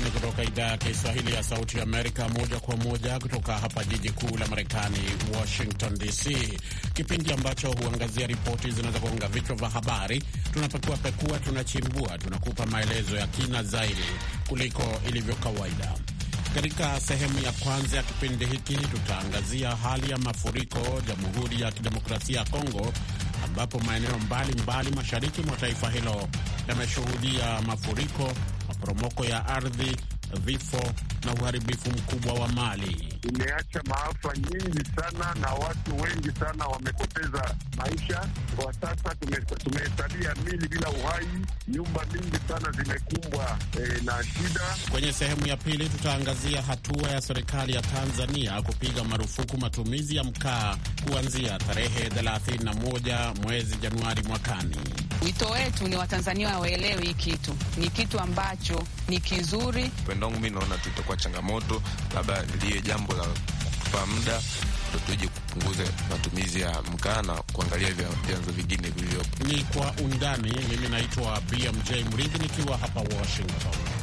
Undani kutoka idhaa ya Kiswahili ya Sauti ya Amerika, moja kwa moja kutoka hapa jiji kuu la Marekani, Washington DC, kipindi ambacho huangazia ripoti zinazogonga vichwa vya habari. Tunapekuapekua, tunachimbua, tunakupa maelezo ya kina zaidi kuliko ilivyo kawaida. Katika sehemu ya kwanza ya kipindi hiki tutaangazia hali ya mafuriko Jamhuri ya Kidemokrasia ya Kongo, ambapo maeneo mbalimbali mbali mashariki mwa taifa hilo yameshuhudia mafuriko maporomoko ya ardhi, vifo na uharibifu mkubwa wa mali. Imeacha maafa nyingi sana na watu wengi sana wamepoteza maisha. Kwa sasa tumesalia mili bila uhai, nyumba nyingi sana zimekumbwa e, na shida. Kwenye sehemu ya pili tutaangazia hatua ya serikali ya Tanzania kupiga marufuku matumizi ya mkaa kuanzia tarehe 31 mwezi Januari mwakani. Wito wetu ni Watanzania waelewe hii kitu ni kitu ambacho ni kizuri. Pendangu mi naona tutakuwa changamoto, labda liye jambo la kupa muda tuje kupunguza matumizi ya mkaa na kuangalia vyanzo vingine vilivyopo. Ni kwa undani. Mimi naitwa BMJ Mridhi nikiwa hapa Washington.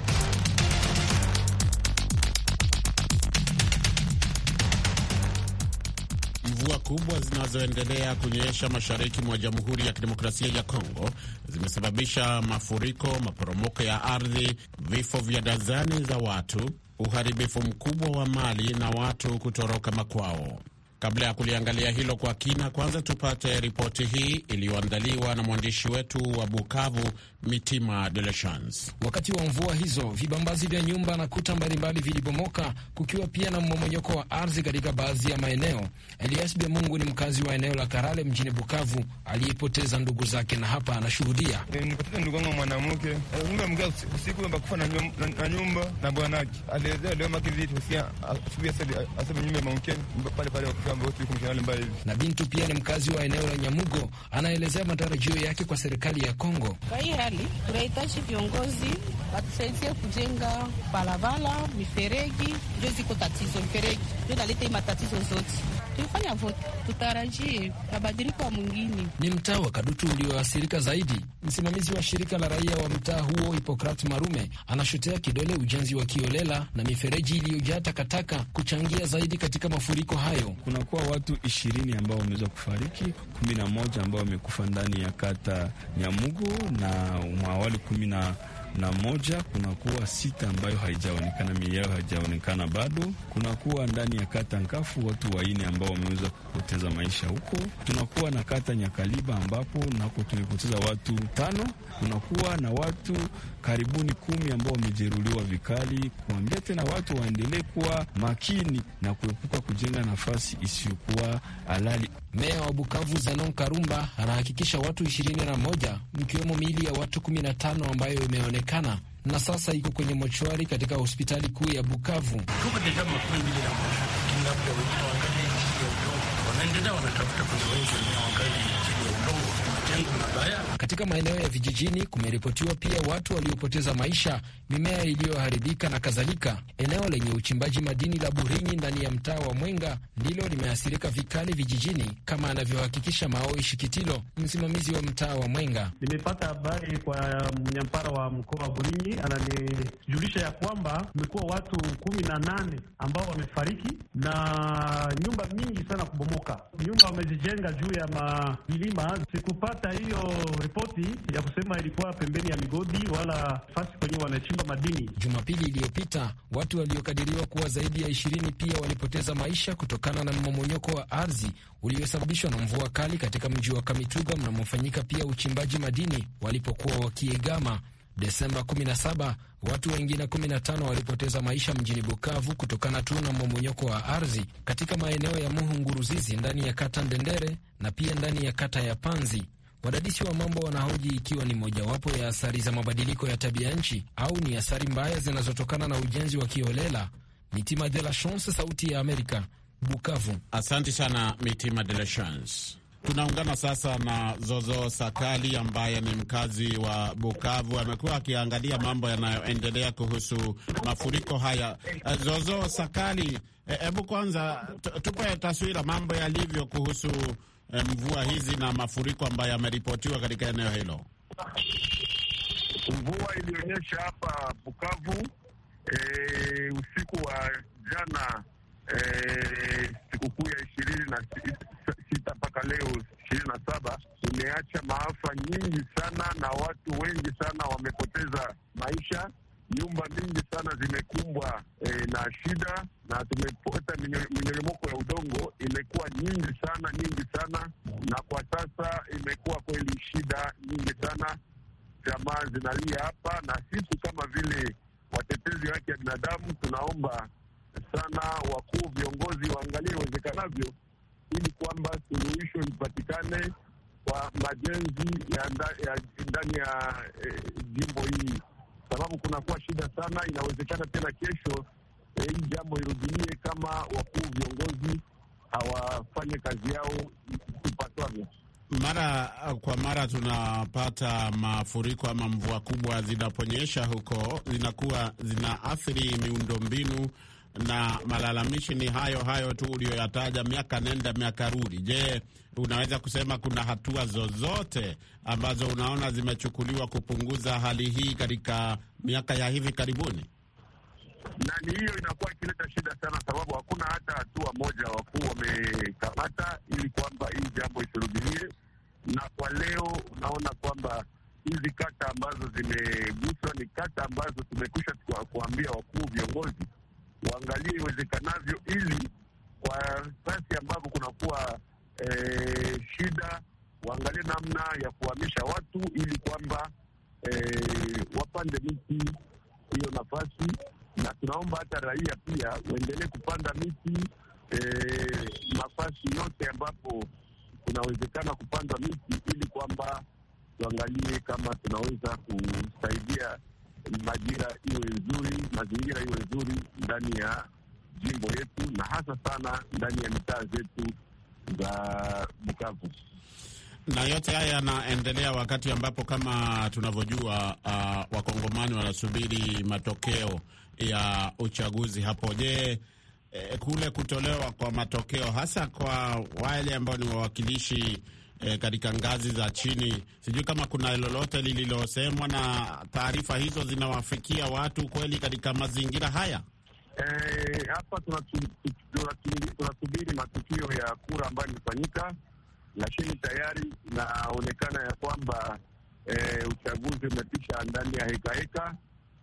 mvua kubwa zinazoendelea kunyesha mashariki mwa Jamhuri ya Kidemokrasia ya Kongo zimesababisha mafuriko, maporomoko ya ardhi, vifo vya dazani za watu, uharibifu mkubwa wa mali na watu kutoroka makwao. Kabla ya kuliangalia hilo kwa kina, kwanza tupate ripoti hii iliyoandaliwa na mwandishi wetu wa Bukavu, Mitima De La Chance. Wakati wa mvua hizo, vibambazi vya nyumba na kuta mbalimbali vilibomoka, kukiwa pia na mmomonyoko wa ardhi katika baadhi ya maeneo. Elias Bemungu ni mkazi wa eneo la Karale mjini Bukavu aliyepoteza ndugu zake, na hapa anashuhudia. Eh, Nikapoteza ndugu wangu mwanamke, eh, usiku na nyumba na bwanake, alilewa makivitu asubuhi nyumba maukeni pale pale na Bintu pia ni mkazi wa eneo la Nyamugo, anaelezea matarajio yake kwa serikali ya Kongo. Kwa hii hali tunahitaji viongozi watusaidie kujenga barabara, miferegi ndio ziko tatizo, miferegi ndio inaleta matatizo zote tufanya vote, tutarajie mabadiliko mwingine. Ni mtaa wa Kadutu ulioathirika zaidi. Msimamizi wa shirika la raia wa mtaa huo Hipokrat Marume anashotea kidole ujenzi wa kiolela na mifereji iliyojaa takataka kuchangia zaidi katika mafuriko hayo. Kunakuwa watu ishirini ambao wameweza kufariki, kumi na moja ambao wamekufa ndani ya kata Nyamugu na mwawali kumi na na moja, kunakuwa sita ambayo haijaonekana, mii yao haijaonekana bado. Kunakuwa ndani ya kata Nkafu watu waine ambao wameweza kupoteza maisha huko. Tunakuwa na kata Nyakaliba ambapo nako tumepoteza watu tano. Kunakuwa na watu karibuni kumi ambao wamejeruhiwa vikali. Kuambia tena watu waendelee kuwa makini na kuepuka kujenga nafasi isiyokuwa halali. Meya wa Bukavu Zanon Karumba anahakikisha watu 21 mkiwemo miili ya watu 15 ambayo imeonekana na sasa iko kwenye mochwari katika hospitali kuu ya Bukavu. Katika maeneo ya vijijini kumeripotiwa pia watu waliopoteza maisha, mimea iliyoharibika na kadhalika. Eneo lenye uchimbaji madini la Burinyi ndani ya mtaa wa Mwenga ndilo limeathirika vikali vijijini, kama anavyohakikisha Maoi Shikitilo, msimamizi wa mtaa wa Mwenga. Nimepata habari kwa mnyampara wa mkoa wa Burinyi, ananijulisha ya kwamba kumekuwa watu kumi na nane ambao wamefariki na nyumba mingi sana kubomoka. Nyumba wamezijenga juu ya mavilima sikupata hata hiyo ripoti ya kusema ilikuwa pembeni ya migodi wala fasi kwenye wanachimba madini. Jumapili iliyopita watu waliokadiriwa kuwa zaidi ya ishirini pia walipoteza maisha kutokana na mmomonyoko wa ardhi uliosababishwa na mvua kali katika mji wa Kamituga mnamofanyika pia uchimbaji madini walipokuwa wakiegama. Desemba 17 watu wengine 15 walipoteza maisha mjini Bukavu kutokana tu na mmomonyoko wa ardhi katika maeneo ya Muhunguruzizi ndani ya kata Ndendere na pia ndani ya kata ya Panzi. Wadadisi wa mambo wanahoji ikiwa ni mojawapo ya athari za mabadiliko ya tabia nchi au ni athari mbaya zinazotokana na ujenzi wa kiholela. Mitima de la Chance, Sauti ya Amerika, Bukavu. Asante sana Mitima de la Chance. Tunaungana sasa na Zozo Sakali ambaye ni mkazi wa Bukavu, amekuwa akiangalia mambo yanayoendelea kuhusu mafuriko haya. Zozo Sakali, e, hebu kwanza tupe taswira mambo yalivyo kuhusu Eh, mvua hizi na mafuriko ambayo yameripotiwa katika eneo hilo? Mvua ilionyesha hapa Bukavu e, usiku wa jana eh, sikukuu ya ishirini na sita mpaka leo ishirini na saba imeacha maafa nyingi sana na watu wengi sana wamepoteza maisha. Nyumba mingi sana zimekumbwa e, na shida na tumepata mnyoromoko ya udongo imekuwa wanazalia hapa, na sisi kama vile watetezi wa haki ya binadamu hata mafuriko ama mvua kubwa zinaponyesha huko zinakuwa zinaathiri miundombinu, na malalamishi ni hayo hayo tu uliyoyataja, miaka nenda miaka rudi. Je, unaweza kusema kuna hatua zozote ambazo unaona zimechukuliwa kupunguza hali hii katika miaka ya hivi karibuni? na ni hiyo inakuwa ikileta shida sana, sababu hakuna hata hatua moja wakuu wamekamata ili kwamba hii jambo isirudilie na kwa leo unaona kwamba hizi kata ambazo zimeguswa ni kata ambazo tumekwisha kuambia wakuu viongozi waangalie iwezekanavyo, ili kwa sasi ambapo kunakuwa e, shida waangalie namna ya kuhamisha watu ili kwamba e, wapande miti hiyo nafasi, na tunaomba hata raia pia waendelee kupanda miti e, nafasi yote ambapo kunawezekana kupanda miti ili kwamba tuangalie kama tunaweza kusaidia majira iwe nzuri, mazingira iwe nzuri ndani ya jimbo yetu na hasa sana ndani ya mitaa zetu za Bukavu. Na yote haya yanaendelea wakati ambapo kama tunavyojua, uh, wakongomani wanasubiri matokeo ya uchaguzi hapo. Je, eh, kule kutolewa kwa matokeo hasa kwa wale ambao ni wawakilishi eh, katika ngazi za chini, sijui kama kuna lolote lililosemwa na taarifa hizo zinawafikia watu kweli katika mazingira haya. Eh, hapa tunasubiri matukio ya kura ambayo imefanyika, lakini tayari inaonekana ya kwamba eh, uchaguzi umepisha ndani ya hekaheka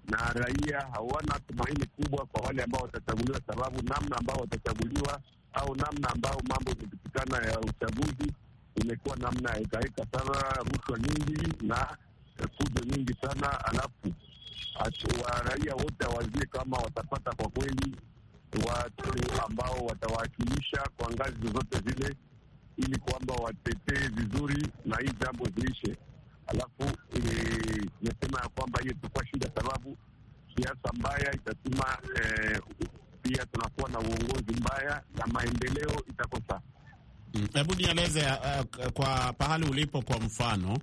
na raia hawana tumaini kubwa kwa wale ambao watachaguliwa, sababu namna ambao watachaguliwa au namna ambao mambo imepitikana ya uchaguzi imekuwa namna ya hekaheka sana, rushwa nyingi na fujo nyingi sana. Alafu raia wote awazie kama watapata kwa kweli watu ambao watawakilisha kwa ngazi zozote zile, ili kwamba watetee vizuri na hii jambo ziishe. Alafu kwamba hiyo itakuwa shida, sababu siasa mbaya itasema eh, pia tunakuwa na uongozi mbaya na maendeleo itakosa. Mm, hebu mm, nieleze uh, kwa pahali ulipo, kwa mfano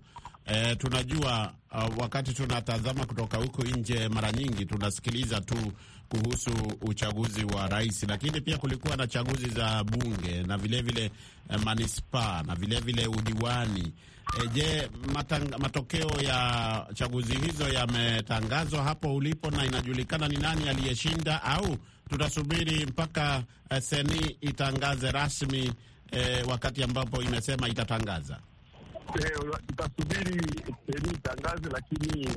E, tunajua uh, wakati tunatazama kutoka huko nje, mara nyingi tunasikiliza tu kuhusu uchaguzi wa rais, lakini pia kulikuwa na chaguzi za bunge na vilevile vile, uh, manispaa na vilevile vile udiwani E, je, matang, matokeo ya chaguzi hizo yametangazwa hapo ulipo na inajulikana ni nani aliyeshinda au tutasubiri mpaka eh, seni itangaze rasmi e, wakati ambapo imesema itatangaza? tutasubiri seni itangaze, lakini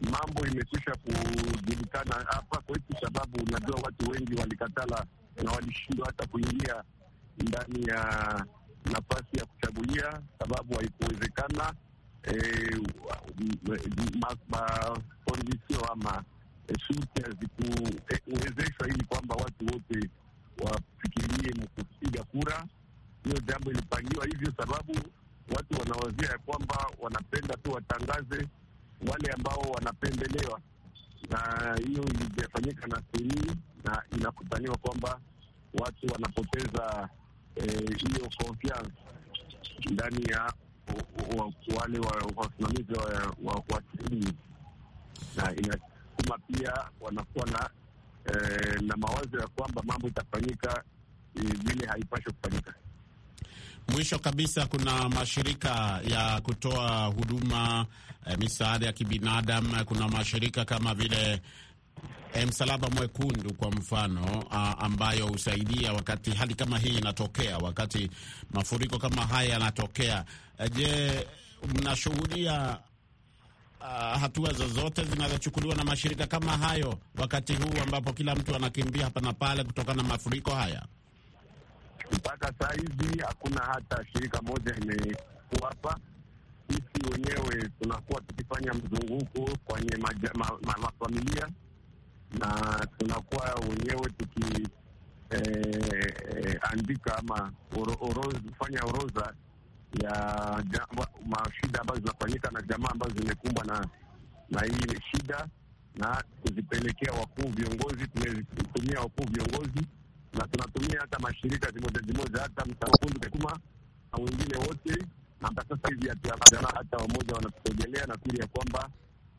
mambo imekwisha kujulikana hapa kwetu, sababu unajua watu wengi walikatala na walishindwa hata kuingia ndani ya nafasi ya kuchagulia, sababu haikuwezekana e, makondision ama e, shurti hazikuwezeshwa ili kwamba watu wote wafikirie mkupiga kura. Hiyo jambo ilipangiwa hivyo, sababu watu wanawazia ya kwamba wanapenda tu watangaze wale ambao wanapendelewa, na hiyo ilijafanyika na seni, na inakutaniwa kwamba watu wanapoteza hiyo e, confiance ndani ya wale wasimamizi wa timu na inasukuma pia wanakuwa na e, na mawazo ya kwamba mambo itafanyika eh, vile e, kufanyika. Mwisho kabisa, kuna mashirika ya kutoa huduma e, misaada ya kibinadamu. Kuna mashirika kama vile Eh, Msalaba Mwekundu kwa mfano, ambayo husaidia wakati hali kama hii inatokea, wakati mafuriko kama haya yanatokea. Eh, je, mnashuhudia Uh, hatua zozote zinazochukuliwa na mashirika kama hayo wakati huu ambapo kila mtu anakimbia hapa na pale kutokana na mafuriko haya? Mpaka saa hizi hakuna hata shirika moja imekuwa hapa. Sisi wenyewe tunakuwa tukifanya mzunguko kwenye mafamilia ma, ma, ma, na tunakuwa wenyewe tukiandika eh, andika ama oro, oro, fanya ya jamba, mashida ambazo zinafanyika na jamaa ambazo zimekumbwa na na hii shida, na kuzipelekea wakuu viongozi. Tumezitumia wakuu viongozi na tunatumia hata mashirika zimoja zimoja, hata mtakundu kakuma na wengine wote. Na mpaka sasa hivi hata wamoja wanatusogelea, nafikiri ya kwamba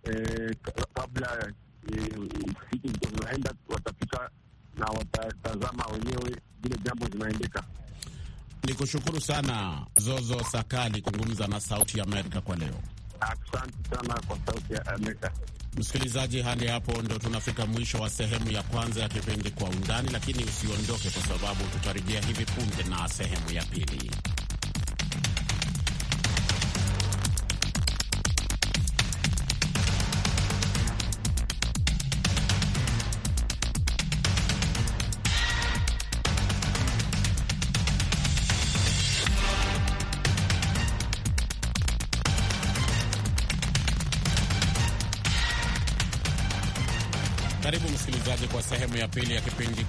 eh, kabla siku zitakazoenda na watatazama wenyewe vile jambo zinaendeka. Ni kushukuru sana Zozo Sakali kuzungumza na Sauti ya Amerika kwa leo. Asante sana kwa Sauti ya Amerika. Msikilizaji, hadi hapo ndo tunafika mwisho wa sehemu ya kwanza ya kipindi Kwa Undani, lakini usiondoke, kwa sababu tutarejea hivi punde na sehemu ya pili.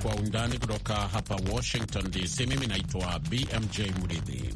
kwa undani kutoka hapa Washington DC. Mimi naitwa BMJ Muridhi.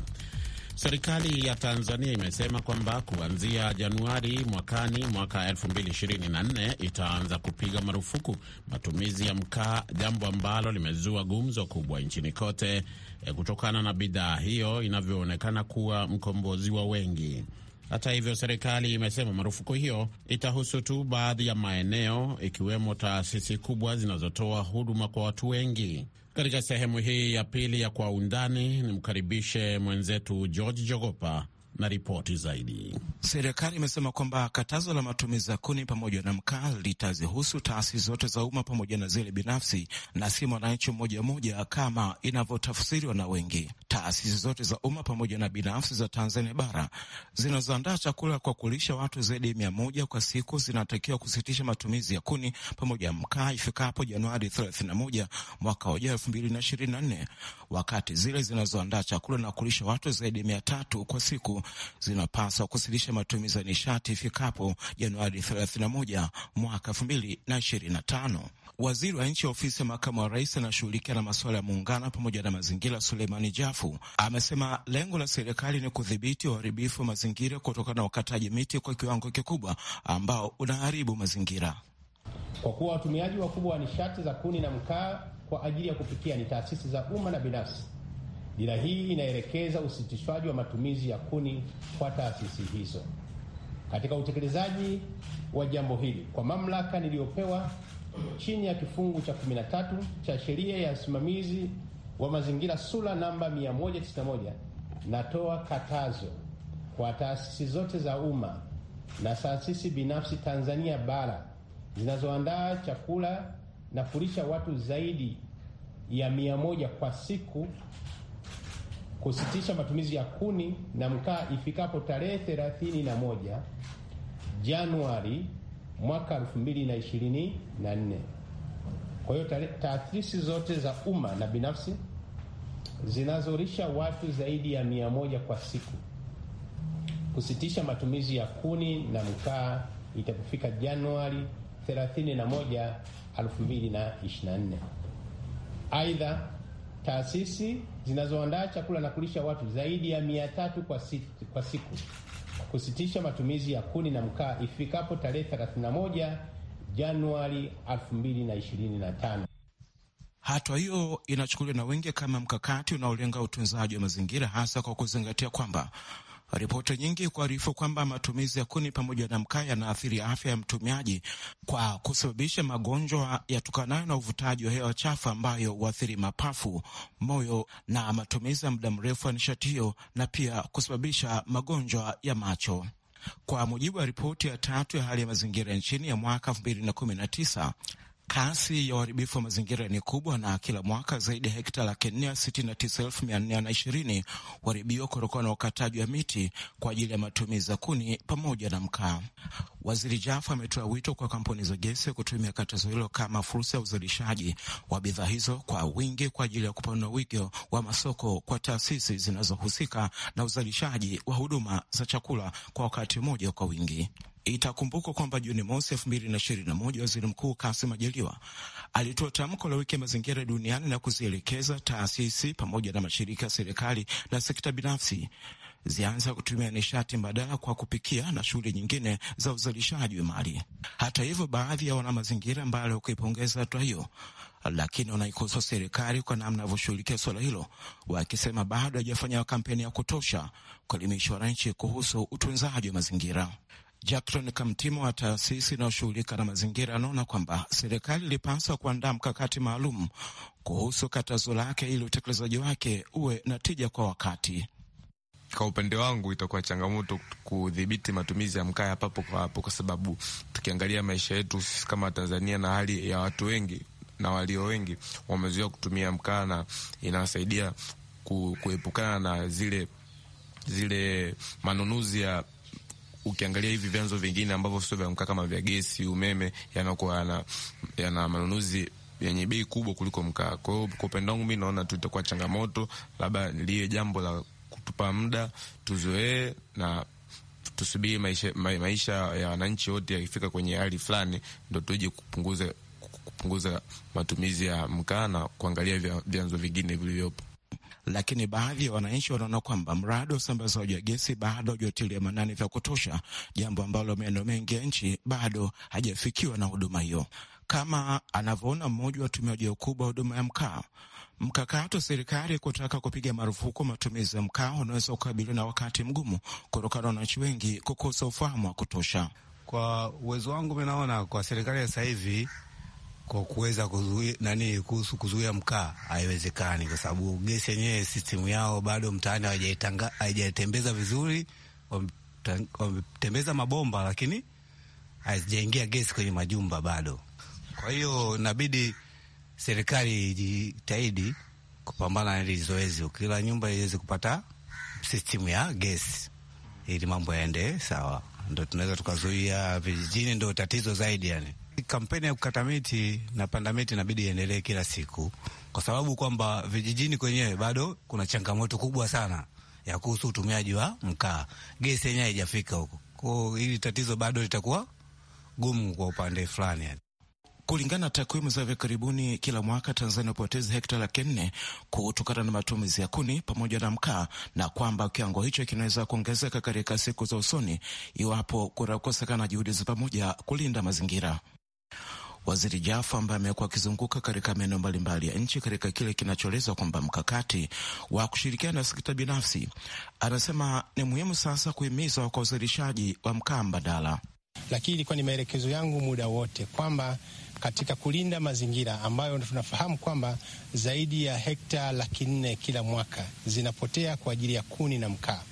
Serikali ya Tanzania imesema kwamba kuanzia Januari mwakani mwaka 2024 itaanza kupiga marufuku matumizi ya mkaa, jambo ambalo limezua gumzo kubwa nchini kote eh, kutokana na bidhaa hiyo inavyoonekana kuwa mkombozi wa wengi. Hata hivyo, serikali imesema marufuku hiyo itahusu tu baadhi ya maeneo, ikiwemo taasisi kubwa zinazotoa huduma kwa watu wengi. Katika sehemu hii ya pili ya Kwa Undani, nimkaribishe mwenzetu George Jogopa na ripoti zaidi. Serikali imesema kwamba katazo la matumizi ya kuni pamoja na mkaa litazihusu taasisi zote za umma pamoja na zile binafsi na si mwananchi mmoja mmoja kama inavyotafsiriwa na wengi. Taasisi zote za umma pamoja na binafsi za Tanzania bara zinazoandaa chakula kwa kulisha watu zaidi ya mia moja kwa siku zinatakiwa kusitisha matumizi ya kuni pamoja na mkaa ifikapo Januari 31 mwaka ujao nne, wakati zile zinazoandaa chakula na kulisha watu zaidi ya mia tatu kwa siku zinapaswa kusilisha matumizi ya nishati ifikapo Januari 31 mwaka 2025. Waziri wa nchi ya ofisi ya makamu wa rais anashughulikia na masuala ya muungano pamoja na mazingira, Suleimani Jafu amesema lengo la serikali ni kudhibiti uharibifu wa mazingira kutokana na ukataji miti kwa kiwango kikubwa ambao unaharibu mazingira. Kwa kuwa watumiaji wakubwa wa nishati za kuni na mkaa kwa ajili ya kupikia ni taasisi za umma na binafsi Dira hii inaelekeza usitishwaji wa matumizi ya kuni kwa taasisi hizo. Katika utekelezaji wa jambo hili, kwa mamlaka niliyopewa chini ya kifungu cha 13 cha sheria ya usimamizi wa mazingira sura namba 191, natoa katazo kwa taasisi zote za umma na taasisi binafsi Tanzania bara zinazoandaa chakula na kulisha watu zaidi ya 100 kwa siku kusitisha matumizi ya kuni na mkaa ifikapo tarehe 31 Januari mwaka 2024. Kwa hiyo taasisi zote za umma na binafsi zinazorisha watu zaidi ya mia moja kwa siku kusitisha matumizi ya kuni na mkaa itapofika Januari 31, 2024. Aidha, taasisi zinazoandaa chakula na kulisha watu zaidi ya mia tatu kwa, kwa siku kusitisha matumizi ya kuni na mkaa ifikapo tarehe 31 Januari 2025. Hatua hiyo inachukuliwa na wengi kama mkakati unaolenga utunzaji wa mazingira hasa kwa kuzingatia kwamba Ripoti nyingi kuarifu kwamba matumizi ya kuni pamoja na mkaa yanaathiri afya ya mtumiaji kwa kusababisha magonjwa yatokanayo na uvutaji wa hewa chafu ambayo huathiri mapafu, moyo na matumizi ya muda mrefu ya nishati hiyo, na pia kusababisha magonjwa ya macho. Kwa mujibu wa ripoti ya tatu ya hali ya mazingira nchini ya mwaka elfu mbili na kumi na tisa Kasi ya uharibifu wa mazingira ni kubwa, na kila mwaka zaidi ya hekta laki nne sitini na tisa elfu mia nne na ishirini huharibiwa kutokana na ukataji wa miti kwa ajili ya matumizi ya kuni pamoja na mkaa. Waziri Jafo ametoa wito kwa kampuni za gesi kutumia katazo hilo kama fursa ya uzalishaji wa bidhaa hizo kwa wingi kwa ajili ya kupanua wigo wa masoko kwa taasisi zinazohusika na uzalishaji wa huduma za chakula kwa wakati mmoja kwa wingi. Itakumbukwa kwamba Juni mosi moja waziri mkuu Kassim Majaliwa alitoa tamko la wiki ya mazingira duniani na kuzielekeza taasisi pamoja na mashirika ya serikali na sekta binafsi zianza kutumia nishati mbadala kwa kupikia na shughuli nyingine za uzalishaji wa mali. Hata hivyo, baadhi ya wanamazingira mbali wakuipongeza hatua hiyo, lakini wanaikosoa serikali kwa namna inavyoshughulikia suala hilo, wakisema bado hajafanya kampeni ya kutosha kuelimisha wananchi kuhusu utunzaji wa mazingira. Jackson Kamtimo wa taasisi inayoshughulika na mazingira anaona kwamba serikali ilipaswa kuandaa mkakati maalum kuhusu katazo lake ili utekelezaji wake uwe na tija kwa wakati. Kwa upande wangu itakuwa changamoto kudhibiti matumizi ya mkaa papo kwa hapo, kwa sababu tukiangalia maisha yetu sisi kama Tanzania na hali ya watu wengi na walio wengi wamezoea kutumia mkaa na inawasaidia kuepukana na zile zile manunuzi ya ukiangalia hivi vyanzo vingine ambavyo sio vya mkaa kama vya gesi, umeme, yanakuwa yana, yana manunuzi yenye bei kubwa kuliko mkaa. Kwa hiyo kwa upande wangu mi naona tu itakuwa changamoto, labda liye jambo la kutupa muda tuzoee na tusubiri maisha, maisha ya wananchi wote yakifika kwenye hali fulani ndo tuje kupunguza kupunguza matumizi ya mkaa na kuangalia vyanzo vingine vilivyopo lakini baadhi ya wananchi wanaona kwamba mradi wa usambazaji wa gesi bado hujatilia manani vya kutosha, jambo ambalo maeneo mengi ya nchi bado hajafikiwa na huduma hiyo, kama anavyoona mmoja wa watumiaji wakubwa wa huduma ya mkaa. Mkakati wa serikali kutaka kupiga marufuku matumizi ya mkaa unaweza kukabiliwa na wakati mgumu kutokana na wananchi wengi kukosa ufahamu wa kutosha. Kwa uwezo wangu, mi naona kwa serikali ya sasa hivi kwa kuweza kuzuia nani, kuhusu kuzuia mkaa haiwezekani, kwa sababu gesi yenyewe sistimu yao bado mtaani haijatembeza vizuri. Wametembeza mabomba, lakini hazijaingia gesi kwenye majumba bado. Kwa hiyo inabidi serikali ijitahidi kupambana na hili zoezi, kila nyumba iweze kupata sistimu ya gesi ili mambo yaende sawa, ndo tunaweza tukazuia vijijini, ndo tatizo zaidi yani kampeni ya kukata miti na panda miti inabidi iendelee kila siku, kwa sababu kwamba vijijini kwenyewe bado kuna changamoto kubwa sana ya kuhusu utumiaji wa mkaa. Gesi yenyewe haijafika huko, kwao hili tatizo bado litakuwa gumu kwa upande fulani yani. Kulingana na takwimu za hivi karibuni, kila mwaka Tanzania hupoteza hekta laki nne kutokana na matumizi ya kuni pamoja na mkaa, na kwamba kiwango hicho kinaweza kuongezeka katika siku za usoni iwapo kutakosekana juhudi za pamoja kulinda mazingira. Waziri Jafo ambaye amekuwa akizunguka katika maeneo mbalimbali ya nchi katika kile kinachoelezwa kwamba mkakati wa kushirikiana na sekta binafsi, anasema ni muhimu sasa kuhimizwa kwa uzalishaji wa mkaa mbadala. Lakini ilikuwa ni maelekezo yangu muda wote kwamba katika kulinda mazingira ambayo tunafahamu kwamba zaidi ya hekta laki nne kila mwaka zinapotea kwa ajili ya kuni na mkaa,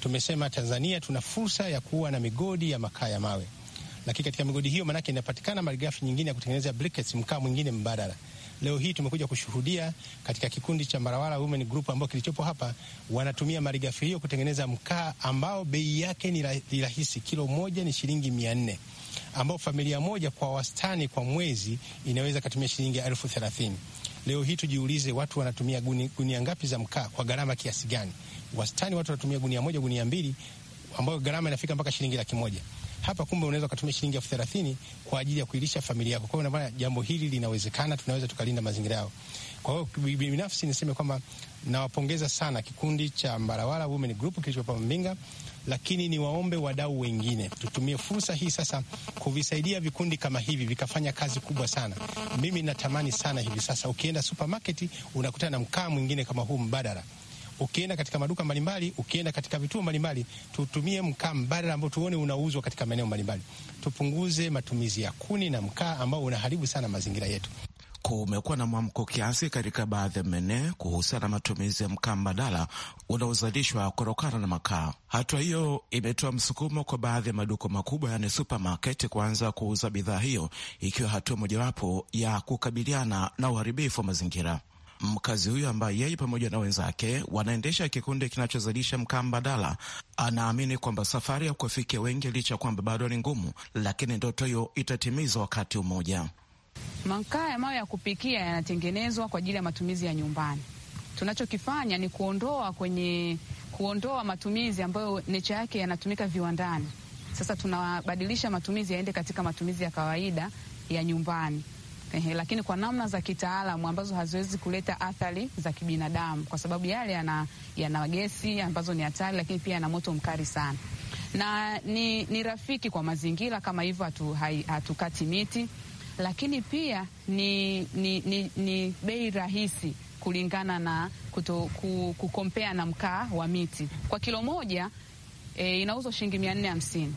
tumesema Tanzania tuna fursa ya kuwa na migodi ya makaa ya mawe lakini katika migodi hiyo maanake inapatikana malighafi nyingine ya kutengeneza briquettes, mkaa mwingine mbadala. Leo hii tumekuja kushuhudia katika kikundi cha Marawala Women Group ambao kilichopo hapa, wanatumia malighafi hiyo kutengeneza mkaa ambao bei yake ni rahisi, kilo moja ni shilingi mia nne ambao familia moja kwa wastani kwa mwezi inaweza katumia shilingi elfu thelathini. Leo hii tujiulize, watu wanatumia gunia guni ngapi za mkaa kwa gharama kiasi gani? Wastani watu wanatumia gunia moja, gunia mbili, ambayo gharama inafika mpaka shilingi laki moja hapa kumbe unaweza ukatumia shilingi elfu thelathini kwa ajili ya kuilisha familia yako. Kwa hiyo maana jambo hili linawezekana, tunaweza tukalinda mazingira yao. Kwa hiyo binafsi niseme kwamba nawapongeza sana kikundi cha Mbarawala Women Group kilichopo Mbinga, lakini ni waombe wadau wengine tutumie fursa hii sasa kuvisaidia vikundi kama hivi vikafanya kazi kubwa sana. Mimi natamani sana hivi sasa ukienda supermarket unakutana na mkaa mwingine kama huu mbadala ukienda katika maduka mbalimbali, ukienda katika vituo mbalimbali, tutumie mkaa mbadala ambao tuone unauzwa katika maeneo mbalimbali. Tupunguze matumizi ya kuni na mkaa ambao unaharibu sana mazingira yetu. Kumekuwa na mwamko kiasi katika baadhi ya maeneo kuhusiana na matumizi ya mkaa mbadala unaozalishwa kutokana na makaa. Hatua hiyo imetoa msukumo kwa baadhi ya maduka makubwa, yaani supermarket, kuanza kuuza bidhaa hiyo, ikiwa hatua mojawapo ya kukabiliana na uharibifu wa mazingira. Mkazi huyo ambaye yeye pamoja na wenzake wanaendesha kikundi kinachozalisha mkaa mbadala anaamini kwamba safari ya kuwafikia wengi licha kwamba bado ni ngumu, lakini ndoto hiyo itatimizwa wakati mmoja. Makaa ya mawe ya kupikia yanatengenezwa kwa ajili ya matumizi ya nyumbani. Tunachokifanya ni kuondoa kwenye kuondoa matumizi ambayo necha yake yanatumika viwandani. Sasa tunabadilisha matumizi yaende katika matumizi ya kawaida ya nyumbani. Ehe, lakini kwa namna za kitaalamu ambazo haziwezi kuleta athari za kibinadamu, kwa sababu yale yana, yana gesi ambazo ni hatari, lakini pia yana moto mkali sana na ni, ni rafiki kwa mazingira kama hivyo, hatukati miti, lakini pia ni, ni, ni, ni bei rahisi kulingana na kuto, kukompea na mkaa wa miti. Kwa kilo moja e, inauzwa shilingi mia nne hamsini,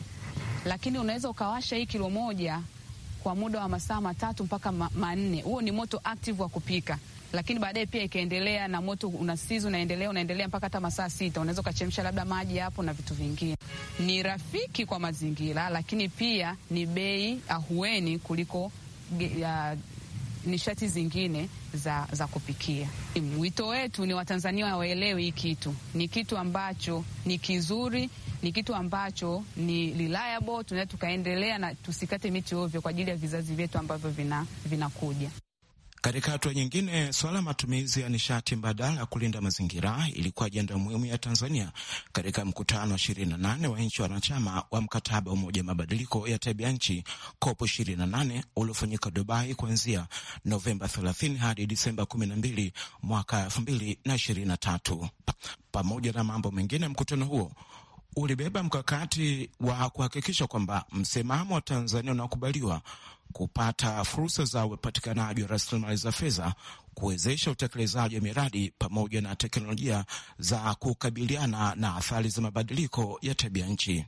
lakini unaweza ukawasha hii kilo moja kwa muda wa masaa matatu mpaka manne. Huo ni moto active wa kupika, lakini baadaye pia ikaendelea na moto unasizi, unaendelea unaendelea mpaka hata masaa sita. Unaweza ukachemsha labda maji hapo na vitu vingine. Ni rafiki kwa mazingira, lakini pia ni bei ahueni kuliko nishati zingine za, za kupikia. Wito wetu ni Watanzania waelewe hii kitu ni kitu ambacho ni kizuri, ni kitu ambacho ni reliable, tunaweza tukaendelea na tusikate miti ovyo kwa ajili ya vizazi vyetu ambavyo vinakuja vina katika hatua nyingine, suala la matumizi ya nishati mbadala ya kulinda mazingira ilikuwa ajenda muhimu ya Tanzania katika mkutano wa 28 wa nchi wanachama wa mkataba wa Umoja mabadiliko ya tabia nchi COP 28 uliofanyika Dubai kuanzia Novemba 30 hadi Disemba 12 mwaka 2023. Pamoja na mambo mengine, mkutano huo ulibeba mkakati wa kuhakikisha kwamba msimamo wa Tanzania unaokubaliwa kupata fursa za upatikanaji wa rasilimali za fedha kuwezesha utekelezaji wa miradi pamoja na teknolojia za kukabiliana na athari za mabadiliko ya tabia nchi.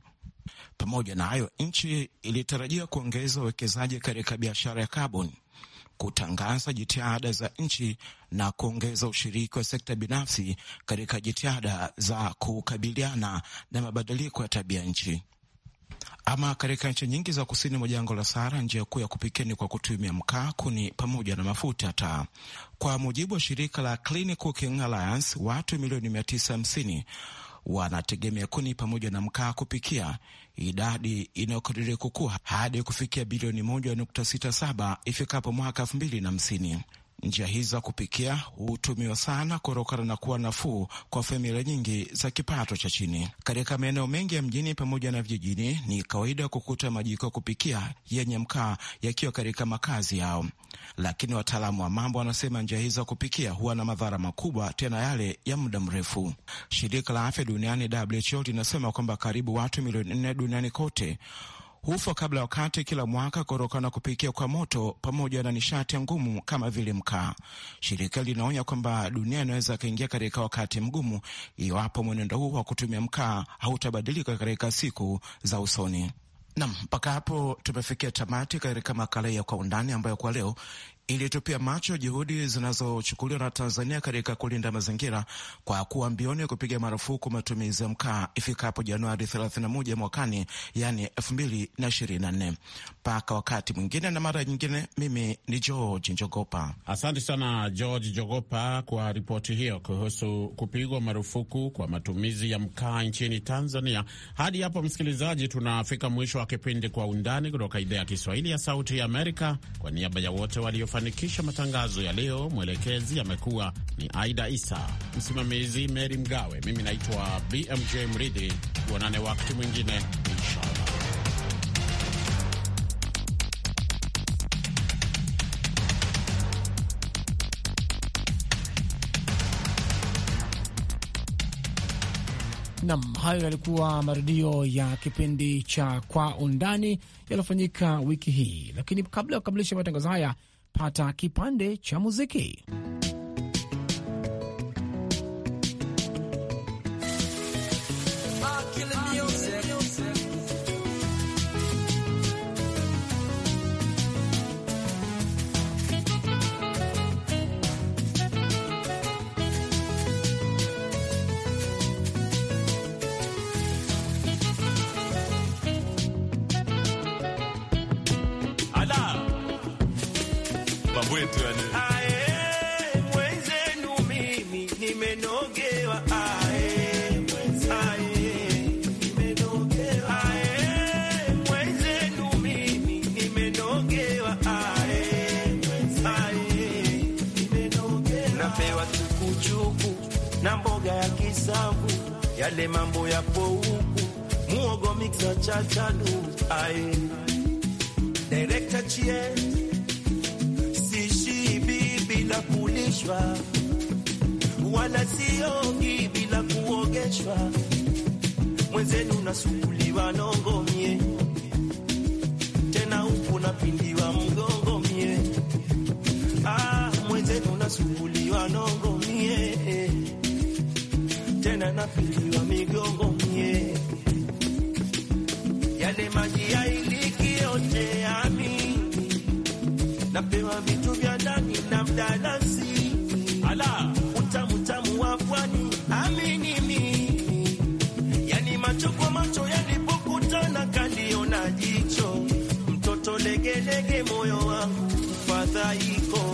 Pamoja na hayo, nchi ilitarajia kuongeza uwekezaji katika biashara ya kaboni, kutangaza jitihada za nchi na kuongeza ushiriki wa sekta binafsi katika jitihada za kukabiliana na mabadiliko ya tabia nchi. Ama katika nchi nyingi za kusini mwa jangwa la Sahara, njia kuu ya kupikia ni kwa kutumia mkaa, kuni pamoja na mafuta taa. Kwa mujibu wa shirika la Clean Cooking Alliance, watu milioni 950 wanategemea kuni pamoja na mkaa kupikia, idadi inayokadiria kukua hadi kufikia bilioni 1.67 ifikapo mwaka hamsini. Njia hizi za kupikia hutumiwa sana kutokana na kuwa nafuu kwa familia nyingi za kipato cha chini. Katika maeneo mengi ya mjini pamoja na vijijini, ni kawaida ya kukuta majiko ya kupikia yenye mkaa yakiwa katika makazi yao, lakini wataalamu wa mambo wanasema njia hizi za kupikia huwa na madhara makubwa, tena yale ya muda mrefu. Shirika la Afya Duniani, WHO, linasema kwamba karibu watu milioni nne duniani kote hufa kabla ya wakati kila mwaka kutokana na kupikia kwa moto pamoja na nishati ngumu kama vile mkaa. Shirika linaonya kwamba dunia inaweza kaingia katika wakati mgumu iwapo mwenendo huu wa kutumia mkaa hautabadilika katika siku za usoni. Nam, mpaka hapo tumefikia tamati katika makala ya Kwa Undani ambayo kwa leo ilitupia macho juhudi zinazochukuliwa na Tanzania katika kulinda mazingira kwa kuwa mbioni kupiga marufuku matumizi ya mkaa ifikapo Januari 31 mwakani, yani 2024. Mpaka wakati mwingine na mara nyingine, mimi ni George Njogopa. Asante sana George Njogopa kwa ripoti hiyo kuhusu kupigwa marufuku kwa matumizi ya mkaa nchini Tanzania. Hadi hapo, msikilizaji, tunafika mwisho wa kipindi Kwa Undani kutoka idhaa ya Kiswahili ya Sauti ya Amerika. Kwa niaba ya wote walio kufanikisha matangazo ya leo. Mwelekezi amekuwa ni Aida Isa, msimamizi Meri Mgawe, mimi naitwa BMJ Mridhi. Tuonane wakati mwingine inshallah. Nam, hayo yalikuwa marudio ya kipindi cha Kwa Undani yaliyofanyika wiki hii, lakini kabla ya kukamilisha matangazo haya kupata kipande cha muziki. mambo yetu yani. Ae, mwenzenu mimi nimenogewa na mboga ya kisambu, yale mambo ya pouku muogo mixa chachadu ae Director Chie bila kulishwa, wala siogi bila kuogeshwa. Mwenzenu nasukuliwa nongo mie, tena huku napindiwa mgongo mie. Ah, mwenzenu nasukuliwa nongo mie, tena napindiwa migongo mie. Yale maji ya iliki napewa vitu nitege moyo wangu fadhaiko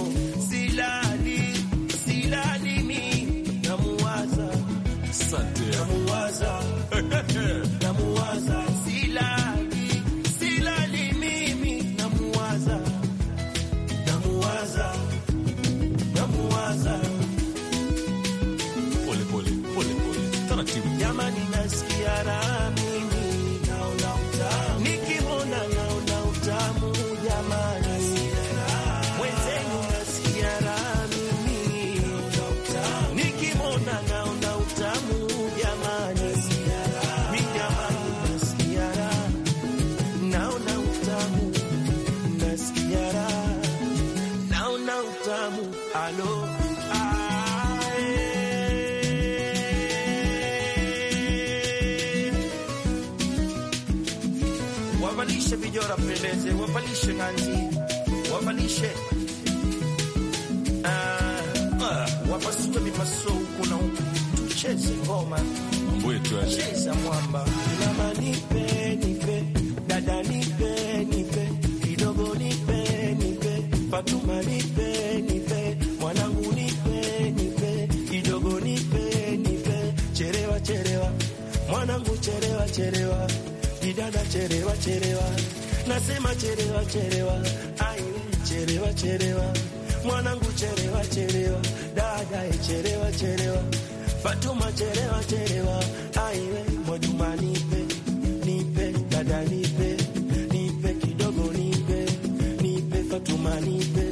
Nasema chelewa chelewa, ai chelewa chelewa, mwanangu chelewa chelewa, dada eh, chelewa chelewa, Fatuma chelewa chelewa, ai we Mwajuma nipe nipe, dada nipe nipe kidogo nipe nipe, Fatuma nipe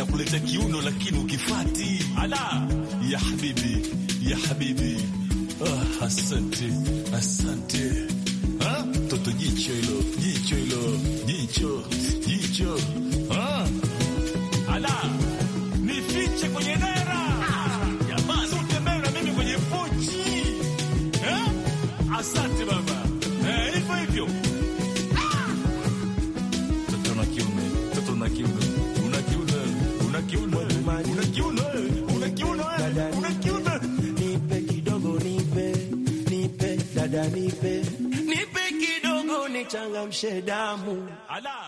inakuleta kiuno, lakini ukifati ala ya habibi ya habibi. Ah, asante asante. Mtoto ah, jicho hilo jicho hilo jicho jicho nipe nipe kidogo nichangamshe damu Ala.